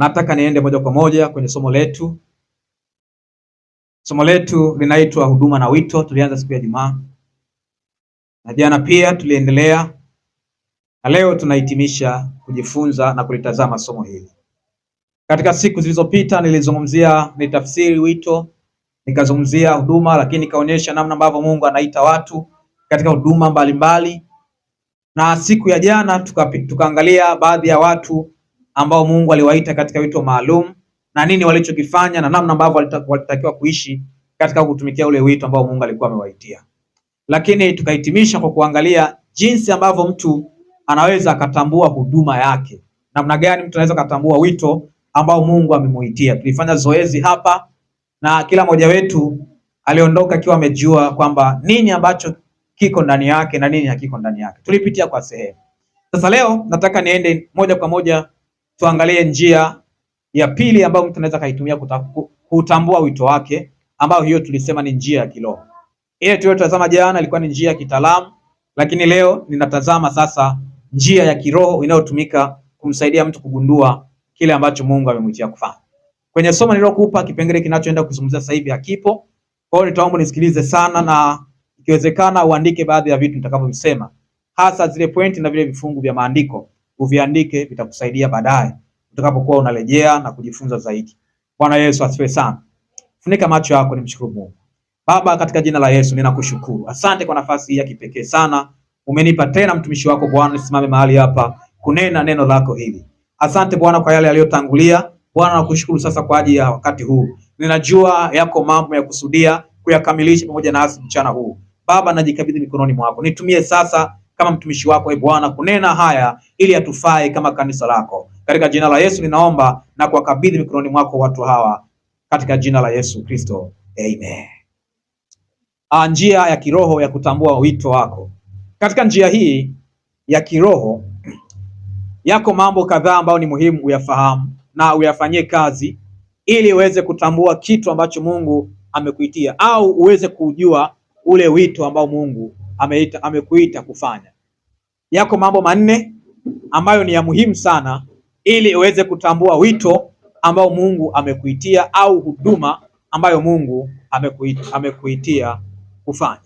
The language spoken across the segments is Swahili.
Nataka niende moja kwa moja kwenye somo letu. Somo letu linaitwa huduma na wito. Tulianza siku ya Ijumaa na jana pia tuliendelea, na leo tunahitimisha kujifunza na kulitazama somo hili. Katika siku zilizopita nilizungumzia ni tafsiri wito, nikazungumzia huduma, lakini nikaonyesha namna ambavyo Mungu anaita watu katika huduma mbalimbali mbali. Na siku ya jana tukaangalia baadhi ya watu ambao Mungu aliwaita katika wito maalum na nini walichokifanya na namna ambavyo walitakiwa kuishi katika kutumikia ule wito ambao Mungu alikuwa amewaitia. Lakini tukahitimisha kwa kuangalia jinsi ambavyo mtu anaweza akatambua huduma yake. Namna gani mtu anaweza akatambua wito ambao Mungu amemuitia. Tulifanya zoezi hapa na kila mmoja wetu aliondoka akiwa amejua kwamba nini ambacho kiko ndani yake na nini hakiko ndani yake. Tulipitia kwa sehemu. Sasa leo nataka niende moja kwa moja tuangalie njia ya pili ambayo mtu anaweza kaitumia kutambua wito wake, ambayo hiyo tulisema ni njia ya kiroho. Ile tuliyotazama jana ilikuwa ni njia ya kitaalamu, lakini leo ninatazama sasa njia ya kiroho inayotumika kumsaidia mtu kugundua kile ambacho Mungu amemwitia kufanya. Kwenye somo nilokupa kipengele kinachoenda kuzungumzia sasa hivi hakipo. Kwa hiyo nitaomba nisikilize sana na ikiwezekana uandike baadhi ya vitu nitakavyovisema, hasa zile pointi na vile vifungu vya maandiko uviandike, vitakusaidia baadaye utakapokuwa unarejea na kujifunza zaidi. Bwana Yesu asifiwe sana. Funika macho yako, mshukuru Mungu. Baba, katika jina la Yesu ninakushukuru, asante kwa nafasi hii ya kipekee sana umenipa tena mtumishi wako Bwana, nisimame mahali hapa kunena neno lako hili. Asante Bwana kwa yale yaliyotangulia. Bwana, nakushukuru sasa kwa ajili ya wakati huu, ninajua yako mambo ya kusudia kuyakamilisha pamoja nasi mchana huu. Baba, najikabidhi mikononi mwako, nitumie sasa kama mtumishi wako, e Bwana, kunena haya ili yatufae kama kanisa lako. Katika jina la Yesu ninaomba na kuwakabidhi mikononi mwako watu hawa, katika jina la Yesu Kristo, amen. Ah, njia ya kiroho ya kutambua wito wako. Katika njia hii ya kiroho yako mambo kadhaa ambayo ni muhimu uyafahamu na uyafanyie kazi ili uweze kutambua kitu ambacho Mungu amekuitia au uweze kujua ule wito ambao Mungu ameita, amekuita kufanya. Yako mambo manne ambayo ni ya muhimu sana ili uweze kutambua wito ambao Mungu amekuitia au huduma ambayo Mungu amekuitia, kufanya.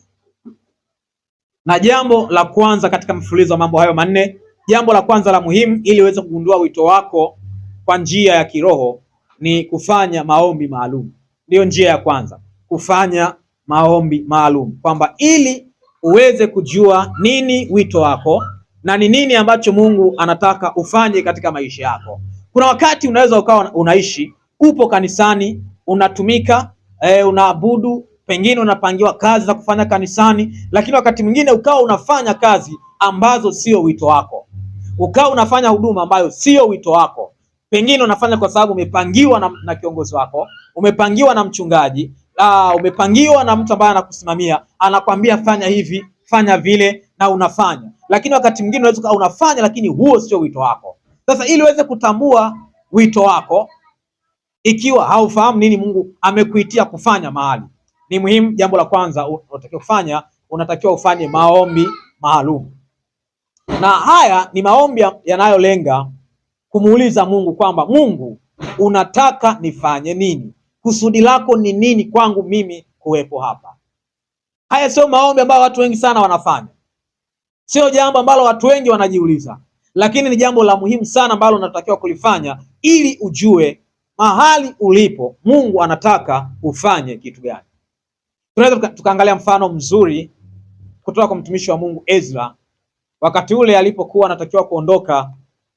Na jambo la kwanza katika mfululizo wa mambo hayo manne, jambo la kwanza la muhimu ili uweze kugundua wito wako kwa njia ya kiroho ni kufanya maombi maalum. Ndiyo njia ya kwanza, kufanya maombi maalum, kwamba ili uweze kujua nini wito wako na ni nini ambacho Mungu anataka ufanye katika maisha yako. Kuna wakati unaweza ukawa unaishi, upo kanisani, unatumika, e, unaabudu, pengine unapangiwa kazi za kufanya kanisani, lakini wakati mwingine ukawa unafanya kazi ambazo sio wito wako, ukawa unafanya huduma ambayo sio wito wako. Pengine unafanya kwa sababu umepangiwa na, na kiongozi wako, umepangiwa na mchungaji, uh, umepangiwa na mtu ambaye anakusimamia, anakwambia fanya hivi, fanya vile na unafanya, lakini wakati mwingine unaweza unafanya lakini huo sio wito wako. Sasa ili uweze kutambua wito wako, ikiwa haufahamu nini Mungu amekuitia kufanya mahali, ni muhimu. Jambo la kwanza unatakiwa kufanya, unatakiwa ufanye maombi maalum, na haya ni maombi yanayolenga kumuuliza Mungu kwamba Mungu, unataka nifanye nini? Kusudi lako ni nini kwangu mimi kuwepo hapa? Haya sio maombi ambayo watu wengi sana wanafanya. Sio jambo ambalo watu wengi wanajiuliza, lakini ni jambo la muhimu sana ambalo unatakiwa kulifanya ili ujue mahali ulipo Mungu anataka ufanye kitu gani. Tunaweza tukaangalia mfano mzuri kutoka kwa mtumishi wa Mungu Ezra, wakati ule alipokuwa anatakiwa kuondoka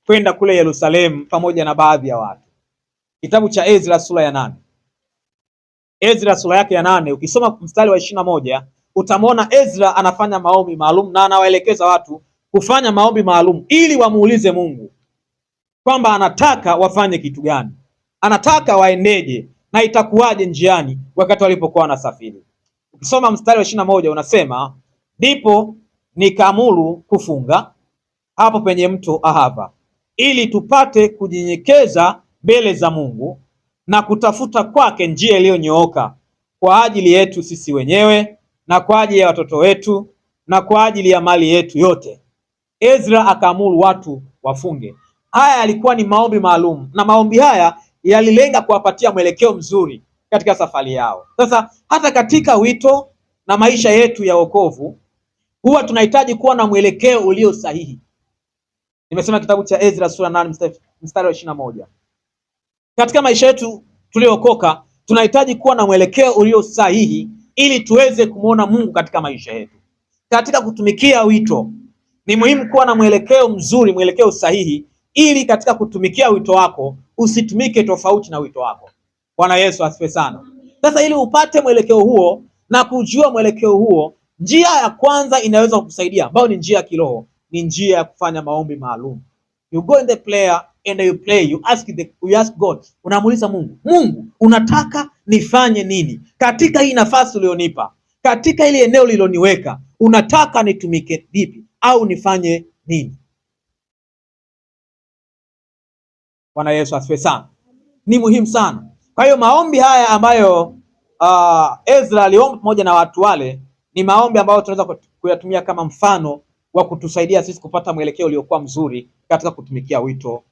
kwenda kule Yerusalemu pamoja na baadhi ya watu. Kitabu cha Ezra sura ya nane Ezra sura yake ya nane ukisoma mstari wa ishirini na moja utamwona Ezra anafanya maombi maalum na anawaelekeza watu kufanya maombi maalum ili wamuulize Mungu kwamba anataka wafanye kitu gani, anataka waendeje na itakuwaje njiani wakati walipokuwa wanasafiri. Ukisoma mstari wa ishirini na moja unasema ndipo nikaamuru kufunga hapo penye mto Ahava ili tupate kujinyekeza mbele za Mungu na kutafuta kwake njia iliyonyooka kwa ajili yetu sisi wenyewe na kwa ajili ya watoto wetu na kwa ajili ya mali yetu yote. Ezra akaamuru watu wafunge. Haya yalikuwa ni maombi maalum, na maombi haya yalilenga kuwapatia mwelekeo mzuri katika safari yao. Sasa hata katika wito na maisha yetu ya wokovu huwa tunahitaji kuwa na mwelekeo ulio sahihi. Nimesema kitabu cha Ezra sura nane mstari wa ishirini na moja. Katika maisha yetu tuliokoka, tunahitaji kuwa na mwelekeo ulio sahihi ili tuweze kumwona Mungu katika maisha yetu. Katika kutumikia wito, ni muhimu kuwa na mwelekeo mzuri, mwelekeo sahihi, ili katika kutumikia wito wako usitumike tofauti na wito wako. Bwana Yesu asifiwe sana. Sasa ili upate mwelekeo huo na kujua mwelekeo huo, njia ya kwanza inaweza kukusaidia ambayo ni njia ya kiroho, ni njia ya kufanya maombi maalum. You go in the prayer and you pray, you ask the, you ask God, unamuuliza Mungu, Mungu unataka nifanye nini katika hii nafasi ulionipa, katika ile eneo liloniweka, unataka nitumike vipi au nifanye nini? Bwana Yesu asifiwe sana, ni muhimu sana. Kwa hiyo maombi haya ambayo uh, Ezra aliomba pamoja na watu wale ni maombi ambayo tunaweza kuyatumia kama mfano wa kutusaidia sisi kupata mwelekeo uliokuwa mzuri katika kutumikia wito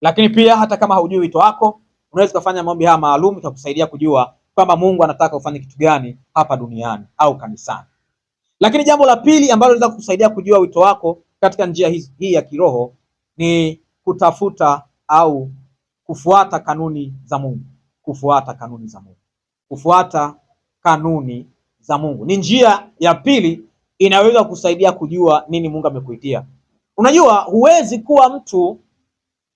lakini pia hata kama haujui wito wako, unaweza ukafanya maombi haya maalum, itakusaidia kujua kwamba Mungu anataka ufanye kitu gani hapa duniani au kanisani. Lakini jambo la pili ambalo linaweza kukusaidia kujua wito wako katika njia hii, hii ya kiroho ni kutafuta au kufuata kanuni za Mungu. Kufuata kanuni za Mungu, kufuata kanuni za Mungu ni njia ya pili inaweza kusaidia kujua nini Mungu amekuitia. Unajua, huwezi kuwa mtu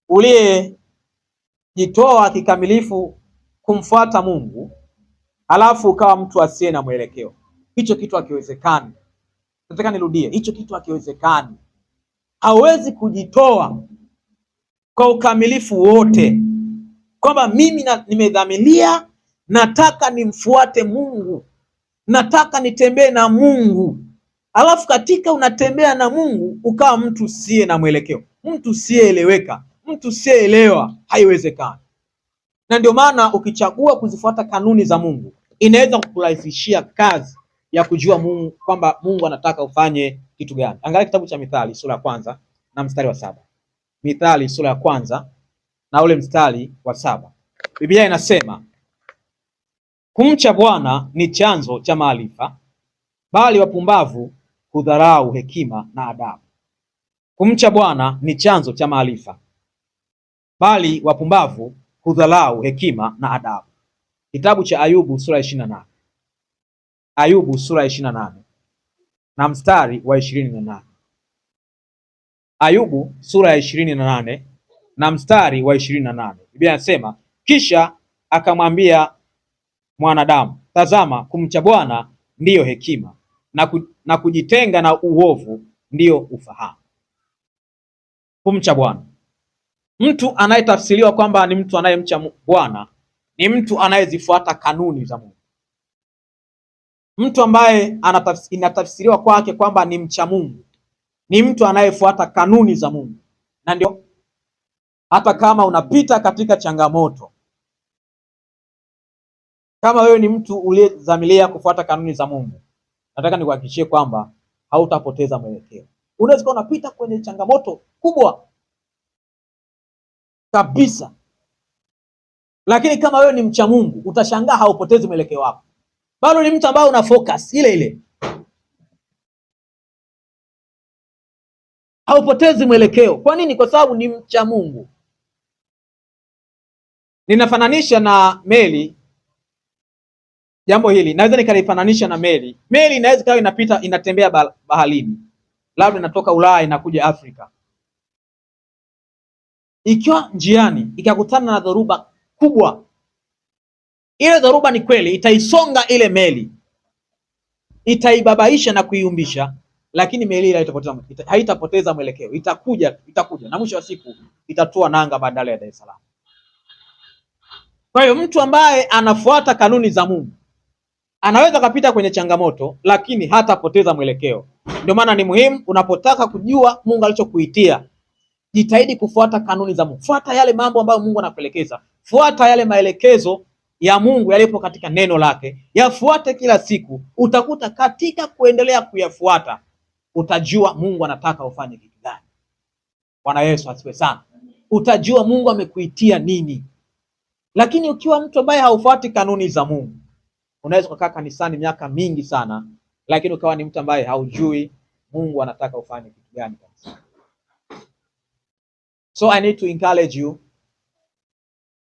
uliyejitoa kikamilifu kumfuata Mungu alafu ukawa mtu asiye na mwelekeo. Hicho kitu hakiwezekani. Nataka nirudie, hicho kitu hakiwezekani. Hawezi kujitoa kwa ukamilifu wote, kwamba mimi nimedhamilia, nataka nimfuate Mungu, nataka nitembee na Mungu, alafu katika unatembea na Mungu ukawa mtu siye na mwelekeo, mtu siyeeleweka, mtu usiyeelewa, haiwezekani. Na ndio maana ukichagua kuzifuata kanuni za Mungu inaweza kukurahisishia kazi ya kujua Mungu kwamba Mungu anataka ufanye kitu gani. Angalia kitabu cha Mithali sura ya kwanza na mstari wa saba. Mithali sura ya kwanza na ule mstari wa saba. Biblia inasema kumcha Bwana ni chanzo cha maarifa, bali wapumbavu hudharau hekima na adabu. Kumcha Bwana ni chanzo cha maarifa, bali wapumbavu hudhalau hekima na adabu. Kitabu cha Ayubu sura ya 28. Ayubu sura ya 28 na mstari wa 28. Ayubu sura ya 28 na mstari wa 28. Biblia inasema, kisha akamwambia mwanadamu, tazama, kumcha Bwana ndiyo hekima na, ku, na kujitenga na uovu ndiyo ufahamu. Kumcha Bwana Mtu anayetafsiriwa kwamba ni mtu anayemcha Bwana ni mtu anayezifuata kanuni za Mungu. Mtu ambaye inatafsiriwa kwake kwamba ni mcha Mungu ni mtu anayefuata kanuni za Mungu, na ndio hata kama unapita katika changamoto, kama wewe ni mtu uliyedhamiria kufuata kanuni za Mungu, nataka nikuhakikishie kwamba hautapoteza mwelekeo. Unaweza kuwa unapita kwenye changamoto kubwa kabisa. Lakini kama wewe ni mcha Mungu utashangaa, haupotezi mwelekeo wako, bado ni mtu ambaye una focus ile ile, haupotezi mwelekeo. Kwa nini? Kwa sababu ni mcha Mungu. Ninafananisha na meli jambo hili, naweza nikalifananisha na meli. Meli inaweza ikawa inapita, inatembea baharini, labda inatoka Ulaya inakuja Afrika ikiwa njiani ikakutana na dhoruba kubwa, ile dhoruba ni kweli itaisonga ile meli, itaibabaisha na kuiumbisha, lakini meli ile haitapoteza, haitapoteza mwelekeo, itakuja itakuja, na mwisho wa siku itatua nanga bandari ya Dar es Salaam. Kwa hiyo mtu ambaye anafuata kanuni za Mungu anaweza kapita kwenye changamoto, lakini hatapoteza mwelekeo. Ndio maana ni muhimu unapotaka kujua Mungu alichokuitia jitahidi kufuata kanuni za Mungu, fuata yale mambo ambayo Mungu anakuelekeza, fuata yale maelekezo ya Mungu yalipo katika neno lake, yafuate kila siku. Utakuta katika kuendelea kuyafuata utajua Mungu anataka ufanye kitu gani. Bwana Yesu asifiwe sana. Utajua Mungu amekuitia nini. Lakini ukiwa mtu ambaye haufuati kanuni za Mungu, unaweza ukakaa kanisani miaka mingi sana, lakini ukawa ni mtu ambaye haujui Mungu anataka ufanye kitu gani kanisani. So I need to encourage you,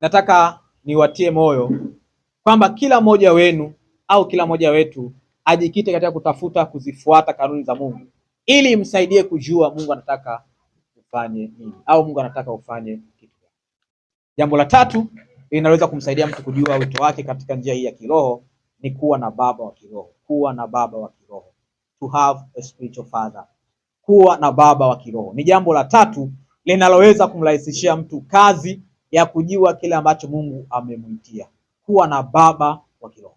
nataka niwatie moyo kwamba kila mmoja wenu au kila mmoja wetu ajikite katika kutafuta kuzifuata kanuni za Mungu ili msaidie kujua Mungu anataka ufanye nini au Mungu anataka ufanye kitu gani. Jambo la tatu linaloweza kumsaidia mtu kujua wito wake katika njia hii ya kiroho ni kuwa na baba wa kiroho, kuwa na baba wa kiroho, to have a spiritual father, kuwa na baba wa kiroho ni jambo la tatu linaloweza kumrahisishia mtu kazi ya kujua kile ambacho Mungu amemwitia. Kuwa na baba wa kiroho.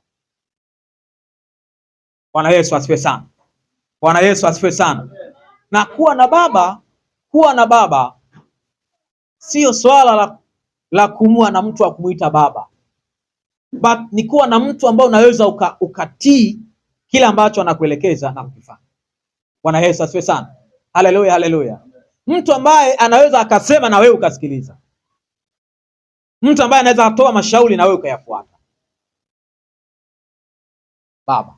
Bwana Yesu asifiwe sana. Bwana Yesu asifiwe sana. Na kuwa na baba, kuwa na baba sio swala la, la kumua na mtu akumuita baba, but ni kuwa na mtu ambao unaweza uka, ukatii kile ambacho anakuelekeza na kukifanya. Bwana Yesu asifiwe sana. Haleluya, haleluya mtu ambaye anaweza akasema na wewe ukasikiliza, mtu ambaye anaweza atoa mashauri na wewe ukayafuata. Baba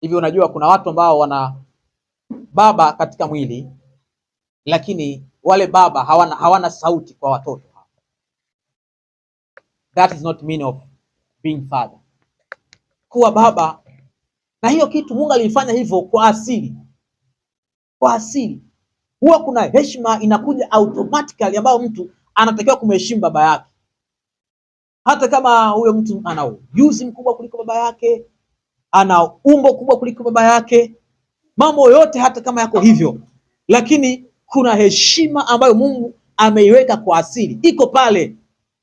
hivi, unajua kuna watu ambao wana baba katika mwili, lakini wale baba hawana, hawana sauti kwa watoto. That is not mean of being father, kuwa baba. Na hiyo kitu Mungu alifanya hivyo kwa asili kwa asili. Huwa kuna heshima inakuja automatically ambayo mtu anatakiwa kumheshimu baba yake, hata kama huyo mtu ana ujuzi mkubwa kuliko baba yake, ana umbo kubwa kuliko baba yake, mambo yote hata kama yako hivyo, lakini kuna heshima ambayo Mungu ameiweka kwa asili, iko pale,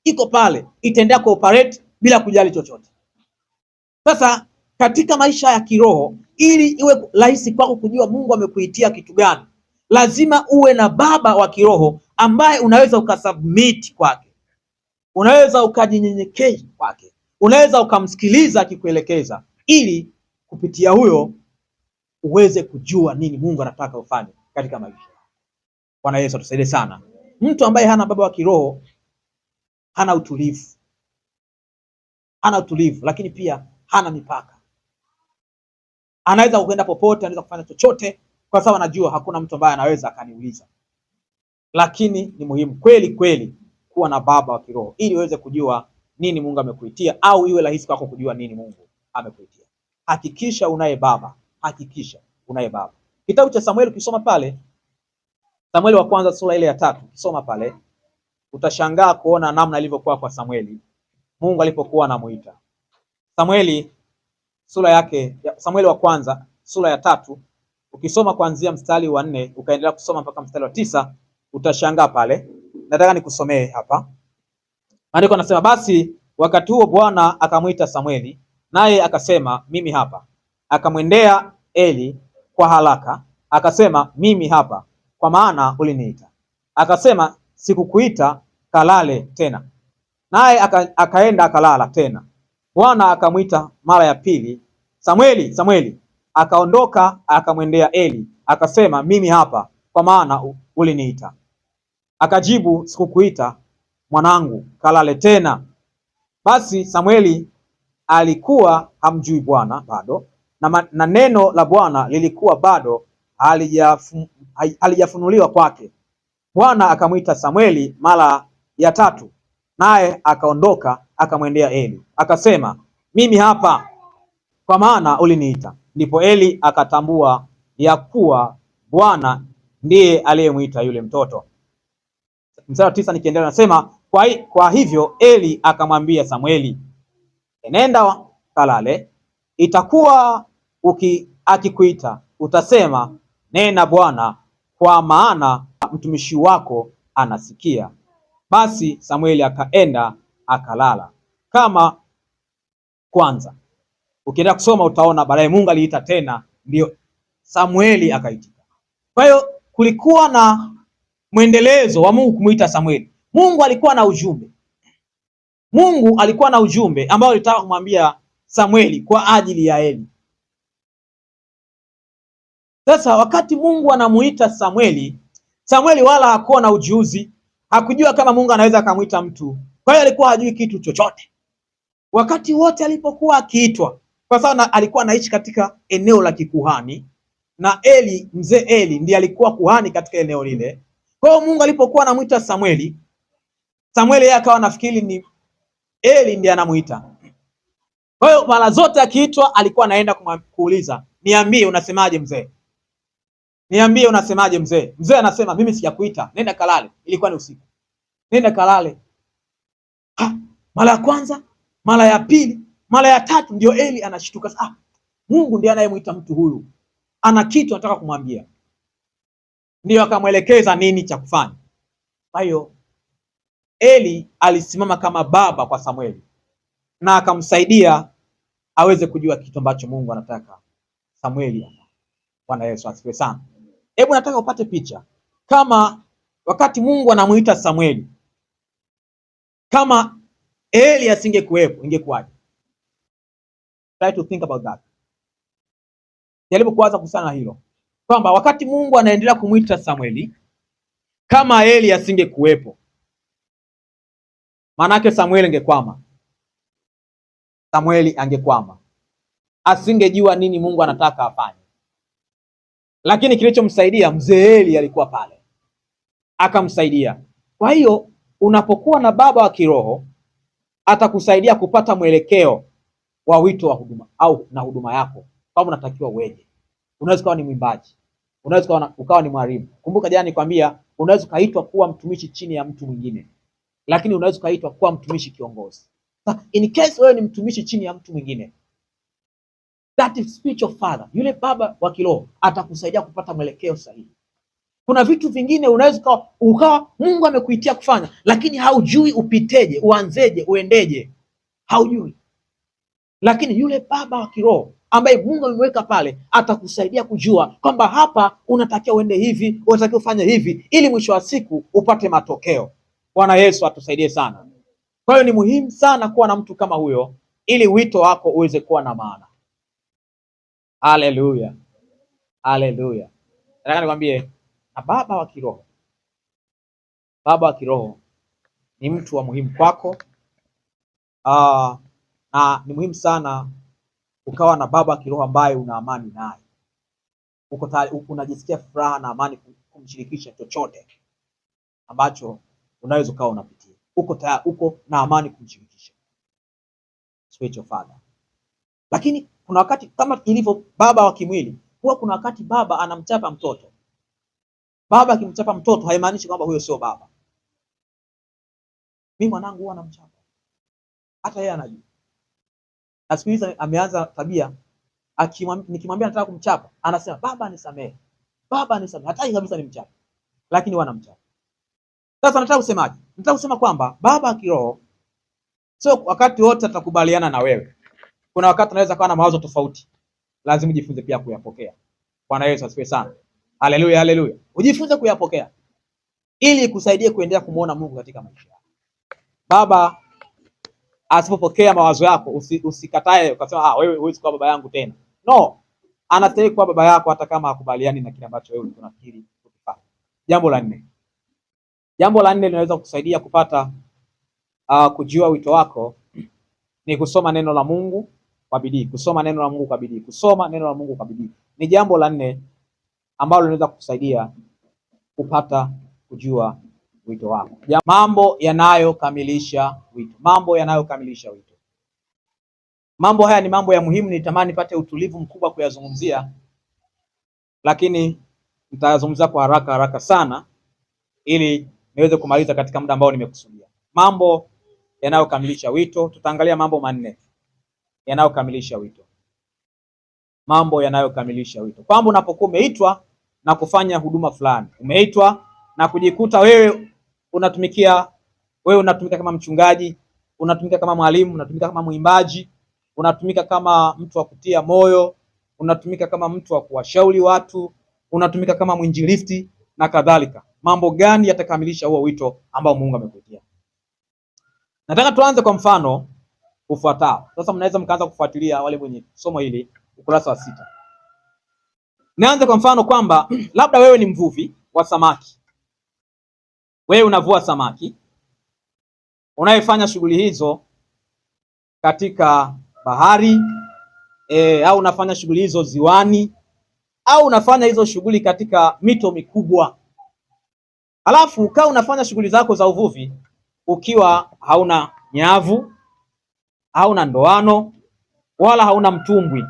iko pale, itaendelea kuoperate bila kujali chochote. Sasa katika maisha ya kiroho ili iwe rahisi kwako kujua Mungu amekuitia kitu gani, lazima uwe na baba wa kiroho ambaye unaweza ukasubmit kwake, unaweza ukajinyenyekea kwake, unaweza ukamsikiliza akikuelekeza, ili kupitia huyo uweze kujua nini Mungu anataka ufanye katika maisha. Bwana Yesu atusaidie sana. Mtu ambaye hana baba wa kiroho hana utulivu, hana utulivu, lakini pia hana mipaka anaweza kukwenda popote, anaweza kufanya chochote, kwa sababu anajua hakuna mtu ambaye anaweza akaniuliza. Lakini ni muhimu kweli kweli kuwa na baba wa kiroho ili uweze kujua nini Mungu amekuitia, au iwe rahisi kwako kujua nini Mungu amekuitia. Hakikisha unaye baba, hakikisha unaye baba. Kitabu cha Samuel ukisoma pale, Samuel wa kwanza sura ile ya tatu, ukisoma pale utashangaa kuona namna ilivyokuwa kwa Samueli, Mungu alipokuwa anamuita Samueli sura yake ya Samueli wa kwanza sura ya tatu ukisoma kuanzia mstari wa nne ukaendelea kusoma mpaka mstari wa tisa utashangaa pale. Nataka nikusomee hapa maandiko, anasema basi wakati huo Bwana akamwita Samueli, naye akasema mimi hapa. Akamwendea Eli kwa haraka akasema, mimi hapa, kwa maana uliniita. Akasema, sikukuita, kalale tena. Naye aka, akaenda akalala tena. Bwana akamwita mara ya pili, Samweli, Samweli. Akaondoka akamwendea Eli akasema, mimi hapa, kwa maana uliniita. Akajibu, sikukuita mwanangu, kalale tena. Basi Samweli alikuwa hamjui Bwana bado na, na neno la Bwana lilikuwa bado halijafunuliwa kwake. Bwana akamwita Samweli mara ya tatu Naye akaondoka akamwendea Eli akasema, mimi hapa, kwa maana uliniita. Ndipo Eli akatambua ya kuwa Bwana ndiye aliyemwita yule mtoto. Mstari wa tisa nikiendelea nasema, kwa, kwa hivyo Eli akamwambia Samueli, enenda kalale, itakuwa uki, akikuita utasema, nena Bwana, kwa maana mtumishi wako anasikia. Basi Samueli akaenda akalala kama kwanza. Ukienda kusoma utaona baadaye Mungu aliita tena, ndio Samueli akaitika. Kwa hiyo kulikuwa na mwendelezo wa Mungu kumuita Samueli. Mungu alikuwa na ujumbe, Mungu alikuwa na ujumbe ambao alitaka kumwambia Samueli kwa ajili ya Eli. Sasa wakati Mungu anamuita Samueli, Samueli wala hakuwa na ujuzi Hakujua kama Mungu anaweza akamwita mtu, kwa hiyo alikuwa hajui kitu chochote wakati wote alipokuwa akiitwa, kwa sababu alikuwa anaishi katika eneo la kikuhani na Eli, mzee Eli ndiye alikuwa kuhani katika eneo lile. Kwa hiyo Mungu alipokuwa anamwita Samueli, Samueli yeye akawa nafikiri ni Eli ndiye anamuita. Kwa hiyo mara zote akiitwa alikuwa anaenda kuuliza niambie unasemaje mzee? Niambie unasemaje mzee? Mzee anasema mimi sijakuita, nenda kalale. Ilikuwa ni usiku, nenda kalale. Ha, mara ya kwanza, mara ya pili, mara ya tatu, ndio Eli anashtuka. Ah, Mungu ndiye anayemwita mtu huyu, ana kitu anataka kumwambia, ndiyo akamwelekeza nini cha kufanya. Kwa hiyo Eli alisimama kama baba kwa Samueli na akamsaidia aweze kujua kitu ambacho Mungu anataka Samueli. Bwana Yesu asifiwe sana. Hebu nataka upate picha kama wakati Mungu anamuita Samueli, kama Eli asingekuwepo ingekuwaje? Try to think about that. Jaribu kuwaza kuhusiana na hilo kwamba wakati Mungu anaendelea kumwita Samueli, kama Eli asingekuwepo, maanake Samueli angekwama, Samueli angekwama, asingejua nini Mungu anataka afanye lakini kilichomsaidia mzee Eli alikuwa pale akamsaidia. Kwa hiyo unapokuwa na baba wa kiroho atakusaidia kupata mwelekeo wa wito wa huduma au na huduma yako, kama unatakiwa uweje. Unaweza ukawa ni mwimbaji, unaweza ukawa ni mwalimu. Kumbuka jana nikwambia, unaweza ukaitwa kuwa mtumishi chini ya mtu mwingine, lakini unaweza ukaitwa kuwa mtumishi kiongozi. Ah, in case wewe ni mtumishi chini ya mtu mwingine that spiritual father, yule baba wa kiroho atakusaidia kupata mwelekeo sahihi. Kuna vitu vingine unaweza ukawa Mungu amekuitia kufanya, lakini haujui upiteje, uanzeje, uendeje, haujui. Lakini yule baba wa kiroho ambaye Mungu amemweka pale atakusaidia kujua kwamba hapa unatakiwa uende hivi, unatakiwa ufanye hivi, ili mwisho wa siku upate matokeo. Bwana Yesu atusaidie sana. Kwa hiyo ni muhimu sana kuwa na mtu kama huyo, ili wito wako uweze kuwa na maana. Haleluya, haleluya. Nataka nikwambie na baba wa kiroho, baba wa kiroho ni mtu wa muhimu kwako. Uh, na ni muhimu sana ukawa na baba wa kiroho ambaye una amani naye, uko unajisikia furaha na amani kumshirikisha chochote ambacho unaweza ukawa unapitia, uko uko na amani kumshirikisha spiritual father. Lakini kuna wakati kama ilivyo baba wa kimwili, huwa kuna wakati baba anamchapa mtoto. Baba akimchapa mtoto haimaanishi kwamba huyo sio baba. Mimi mwanangu huwa anamchapa, hata yeye anajua. Na siku hizi ameanza tabia, nikimwambia nataka kumchapa anasema baba nisamehe, baba nisamehe, hataki kabisa nimchapa, lakini huwa anamchapa. Sasa nataka kusemaje? Nataka kusema kwamba baba kiroho sio wakati wote atakubaliana na wewe kuna wakati unaweza kuwa na mawazo tofauti, lazima ujifunze pia kuyapokea. Bwana Yesu asifiwe sana, haleluya, haleluya. Ujifunze kuyapokea ili ikusaidie kuendelea kumuona Mungu katika maisha yako. Baba asipopokea mawazo yako usi, usikatae ukasema, ah, wewe huwezi kuwa baba yangu tena. No, anastahili kuwa baba yako hata kama hakubaliani na kile ambacho wewe unafikiri ukifanya. Jambo la nne, jambo la nne linaweza kukusaidia kupata uh, kujua wito wako ni kusoma neno la Mungu kwa bidii, kusoma neno la Mungu kwa bidii, kusoma neno la Mungu kwa bidii. Ni jambo la nne ambalo linaweza kukusaidia kupata kujua wito wako. mambo yanayokamilisha wito, mambo yanayokamilisha wito. Mambo haya ni mambo ya muhimu, nitamani pate utulivu mkubwa kuyazungumzia, lakini nitayazungumzia kwa haraka haraka sana ili niweze kumaliza katika muda ambao nimekusudia. Mambo yanayokamilisha wito, tutaangalia mambo manne yanayokamilisha wito, mambo yanayokamilisha wito, kwamba unapokuwa umeitwa na kufanya huduma fulani, umeitwa na kujikuta wewe unatumikia, wewe unatumika kama mchungaji, unatumika kama mwalimu, unatumika kama mwimbaji, unatumika kama mtu wa kutia moyo, unatumika kama mtu wa kuwashauri watu, unatumika kama mwinjilisti na kadhalika. Mambo gani yatakamilisha huo wito ambao Mungu amekuitia? Nataka tuanze kwa mfano ufuatao. Sasa mnaweza mkaanza kufuatilia wale wenye somo hili ukurasa wa sita. Nianze kwa mfano kwamba labda wewe ni mvuvi wa samaki, wewe unavua samaki unayefanya shughuli hizo katika bahari e, au unafanya shughuli hizo ziwani au unafanya hizo shughuli katika mito mikubwa, halafu ukawa unafanya shughuli zako za uvuvi ukiwa hauna nyavu hauna ndoano wala hauna mtumbwi.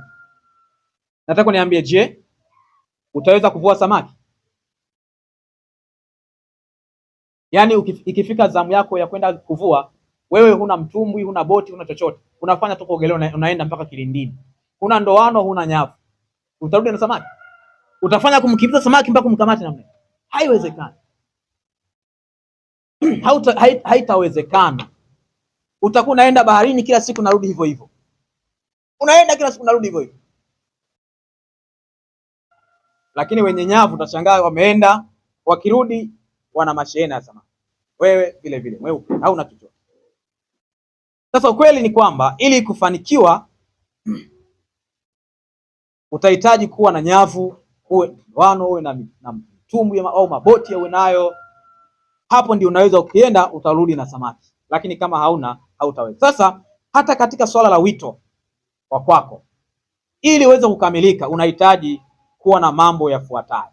Nataka niambie, je, utaweza kuvua samaki? Yaani ikifika zamu yako ya kwenda kuvua, wewe huna mtumbwi, huna boti, huna chochote, unafanya tu kuogelea, unaenda mpaka kilindini, huna ndoano, huna nyavu, utarudi na samaki? Utafanya kumkimbiza samaki mpaka kumkamata namna? Haiwezekani, haitawezekana utakuwa unaenda baharini kila siku narudi hivyo hivyo, unaenda kila siku narudi hivyo hivyo. Lakini wenye nyavu utashangaa, wameenda wakirudi, wana mashehena ya samaki, wewe vile vile mweupe au na chochote. Sasa ukweli ni kwamba ili kufanikiwa utahitaji kuwa na nyavu, uwe wano, uwe na, na mtumbwi au maboti uwe nayo. Hapo ndio unaweza ukienda, utarudi na samaki, lakini kama hauna hautaweza. Sasa hata katika swala la wito wa kwako, ili uweze kukamilika, unahitaji kuwa na mambo yafuatayo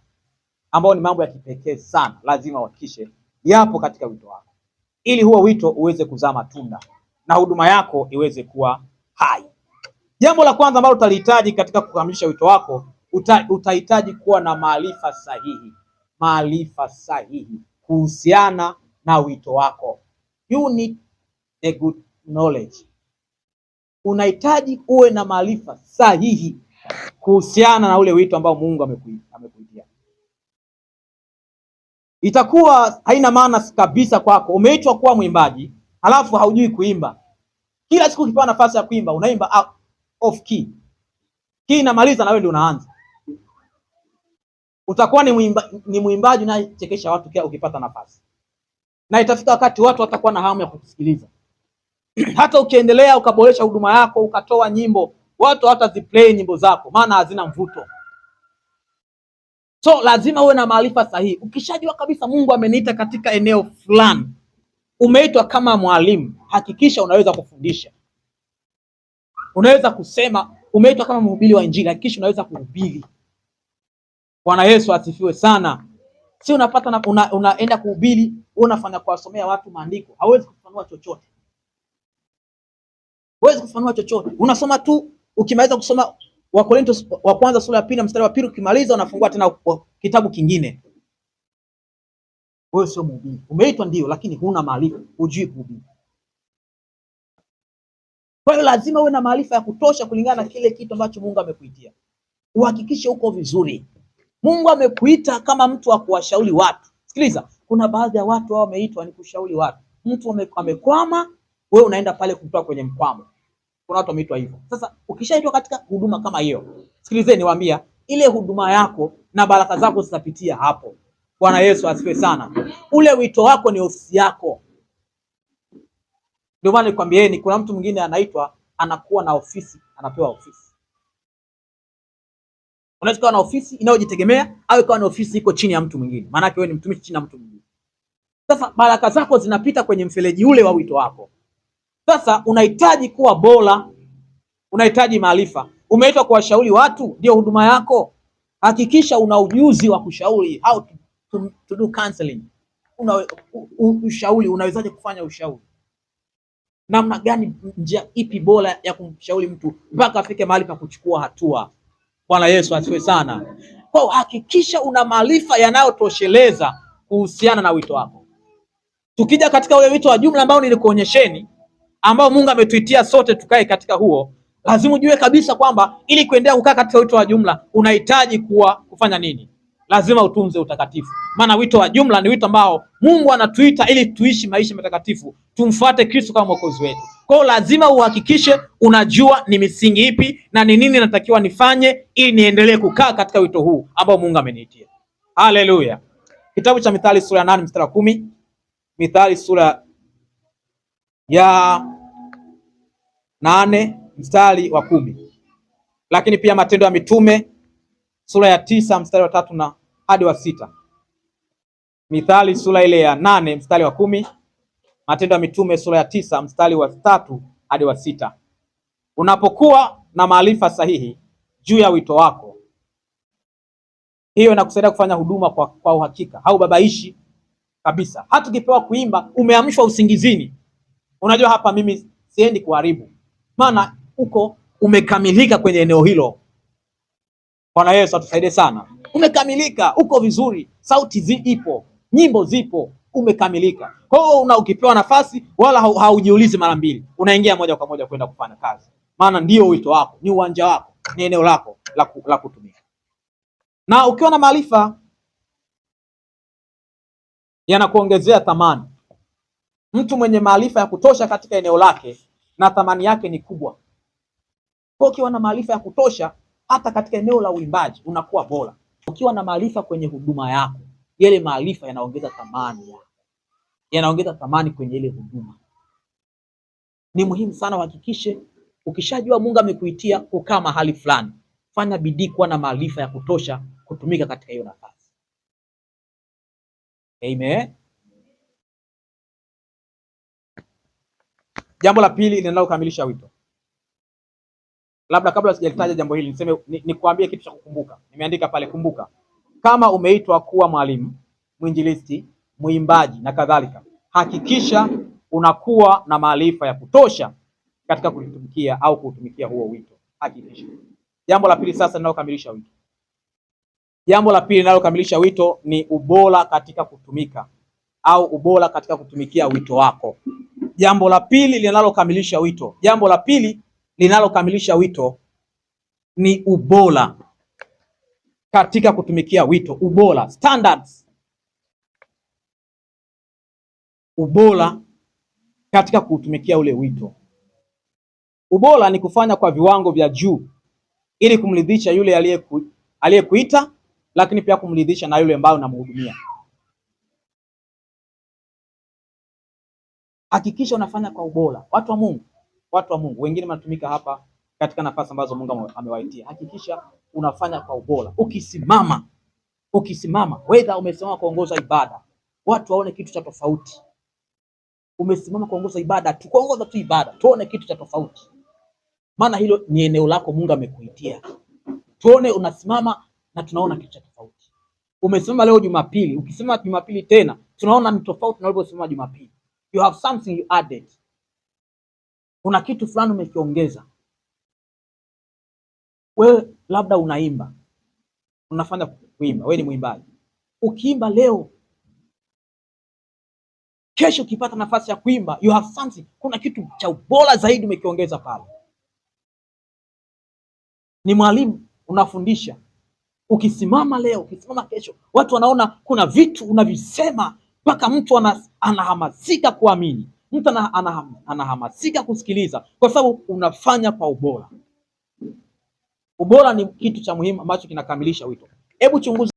ambayo ni mambo ya kipekee sana, lazima uhakikishe yapo katika wito wako, ili huo wito uweze kuzaa matunda na huduma yako iweze kuwa hai. Jambo la kwanza ambalo utalihitaji katika kukamilisha wito wako, uta, utahitaji kuwa na maarifa sahihi, maarifa sahihi kuhusiana na wito wako. You need a good knowledge. Unahitaji uwe na maarifa sahihi kuhusiana na ule wito ambao Mungu amekuitia. Itakuwa haina maana kabisa kwako umeitwa kuwa mwimbaji halafu haujui kuimba. Kila siku ukipewa nafasi ya kuimba unaimba off key, key inamaliza na wewe ndio unaanza. Utakuwa ni, muimba, ni mwimbaji unayechekesha watu kila ukipata nafasi, na itafika wakati watu watakuwa na hamu ya kukusikiliza. hata ukiendelea ukaboresha huduma yako ukatoa nyimbo, watu hawataziplay nyimbo zako, maana hazina mvuto. So lazima uwe na maarifa sahihi. Ukishajua kabisa Mungu ameniita katika eneo fulani, umeitwa kama mwalimu, hakikisha unaweza kufundisha. Unaweza kusema umeitwa kama mhubiri wa Injili, hakikisha unaweza kuhubiri. Bwana Yesu asifiwe sana. Si unapata na, una, unaenda kuhubiri, wewe unafanya kuwasomea watu maandiko, hauwezi kufanua chochote huwezi kufanua chochote, unasoma tu. Ukimaliza kusoma Wakorintho wa kwanza sura ya pili mstari wa pili ukimaliza, unafungua tena kitabu kingine. Wewe sio mhubiri, umeitwa ndio, lakini huna maarifa, hujui kuhubiri. Kwa hiyo lazima uwe na maarifa ya kutosha kulingana na kile kitu ambacho Mungu amekuitia, uhakikishe uko vizuri. Mungu amekuita kama mtu wa kuwashauri watu. Sikiliza, kuna baadhi ya watu wao wameitwa ni kushauri watu. Mtu amekwama wewe unaenda pale kutoa kwenye mkwamo. Kuna watu wameitwa hivyo. Sasa ukishaitwa katika huduma kama hiyo, sikilizeni, niwaambia ile huduma yako na baraka zako zitapitia hapo. Bwana Yesu asifiwe sana. Ule wito wako ni ofisi yako. Ndio maana nikwambieni, kuna mtu mwingine anaitwa anakuwa na ofisi, anapewa ofisi. Unaweza kuwa na ofisi inayojitegemea au ikawa na ofisi iko chini ya mtu mwingine, maanake wewe ni mtumishi chini ya mtu mwingine. Sasa baraka zako zinapita kwenye mfereji ule wa wito wako. Sasa unahitaji kuwa bora, unahitaji maarifa. Umeitwa kuwashauri watu, ndio huduma yako. Hakikisha una ujuzi wa kushauri, how to, to, to do counseling. Una ushauri, unawezaje kufanya ushauri, namna gani, njia ipi bora ya kumshauri mtu mpaka afike mahali pa kuchukua hatua. Bwana Yesu asifiwe sana. Kwa hakikisha una maarifa yanayotosheleza kuhusiana na wito wako. Tukija katika ule wito wa jumla ambao nilikuonyesheni ambao Mungu ametuitia sote tukae katika huo, lazima ujue kabisa kwamba ili kuendelea kukaa katika wito wa jumla unahitaji kuwa kufanya nini? Lazima utunze utakatifu, maana wito wa jumla ni wito ambao Mungu anatuita ili tuishi maisha matakatifu, tumfuate Kristo kama mwokozi wetu. Kwa hiyo lazima uhakikishe unajua ni misingi ipi na ni nini natakiwa nifanye ili niendelee kukaa katika wito huu ambao Mungu ameniitia. Haleluya! Kitabu cha Mithali sura ya nane mstari wa kumi Mithali sura ya nane mstari wa kumi lakini pia Matendo ya Mitume sura ya tisa mstari wa tatu na hadi wa sita Mithali sura ile ya nane mstari wa kumi Matendo ya Mitume sura ya tisa mstari wa tatu hadi wa sita Unapokuwa na maarifa sahihi juu ya wito wako, hiyo inakusaidia kufanya huduma kwa, kwa uhakika. Haubabaishi kabisa. Hata ukipewa kuimba, umeamshwa usingizini Unajua hapa mimi siendi kuharibu, maana uko umekamilika kwenye eneo hilo. Bwana Yesu atusaidie sana. Umekamilika, uko vizuri, sauti zi ipo, nyimbo zipo, umekamilika. Kwa hiyo una ukipewa nafasi wala haujiulizi mara mbili, unaingia moja kwa moja kwenda kufanya kazi, maana ndio wito wako, ni uwanja wako, ni eneo lako la, la kutumika. Na ukiwa na maarifa yanakuongezea thamani mtu mwenye maarifa ya kutosha katika eneo lake na thamani yake ni kubwa. Kwa ukiwa na maarifa ya kutosha hata katika eneo la uimbaji unakuwa bora. Ukiwa na maarifa kwenye huduma yako, yale maarifa yanaongeza thamani yako, yanaongeza thamani kwenye ile huduma. Ni muhimu sana uhakikishe, ukishajua Mungu amekuitia kukaa mahali fulani, fanya bidii kuwa na maarifa ya kutosha kutumika katika hiyo nafasi. Amen. Jambo la pili linalokamilisha wito, labda kabla sijalitaja jambo hili niseme, nikuambie ni kitu cha kukumbuka. Nimeandika pale, kumbuka kama umeitwa kuwa mwalimu, mwinjilisti, mwimbaji na kadhalika, hakikisha unakuwa na maarifa ya kutosha katika kulitumikia au kuutumikia huo wito. Hakikisha jambo la pili sasa linalokamilisha wito, jambo la pili linalokamilisha wito ni ubora katika kutumika au ubora katika kutumikia wito wako. Jambo la pili linalokamilisha wito, jambo la pili linalokamilisha wito ni ubora katika kutumikia wito, ubora standards, ubora katika kutumikia ule wito. Ubora ni kufanya kwa viwango vya juu ili kumridhisha yule aliyekuita, lakini pia kumridhisha na yule ambaye unamhudumia. Hakikisha unafanya kwa ubora. Watu wa Mungu, watu wa Mungu wengine mnatumika hapa katika nafasi ambazo Mungu amewaitia, hakikisha unafanya kwa ubora. Ukisimama, ukisimama, wedha umesimama kuongoza ibada, watu waone kitu cha tofauti. Umesimama kuongoza ibada tu, tu ibada, tuone kitu cha tofauti, maana hilo ni eneo lako Mungu amekuitia. Tuone unasimama na tunaona kitu cha tofauti. Umesimama leo Jumapili, ukisimama Jumapili tena tunaona ni tofauti na ulivyosimama Jumapili you have something you added, kuna kitu fulani umekiongeza wewe. Labda unaimba unafanya kuimba, wewe ni mwimbaji, ukiimba leo, kesho ukipata nafasi ya kuimba, you have something, kuna kitu cha ubora zaidi umekiongeza pale. Ni mwalimu unafundisha, ukisimama leo, ukisimama kesho, watu wanaona kuna vitu unavisema mpaka mtu anahamasika kuamini, mtu anahamasika kusikiliza, kwa sababu unafanya kwa ubora. Ubora ni kitu cha muhimu ambacho kinakamilisha wito. Hebu chunguza.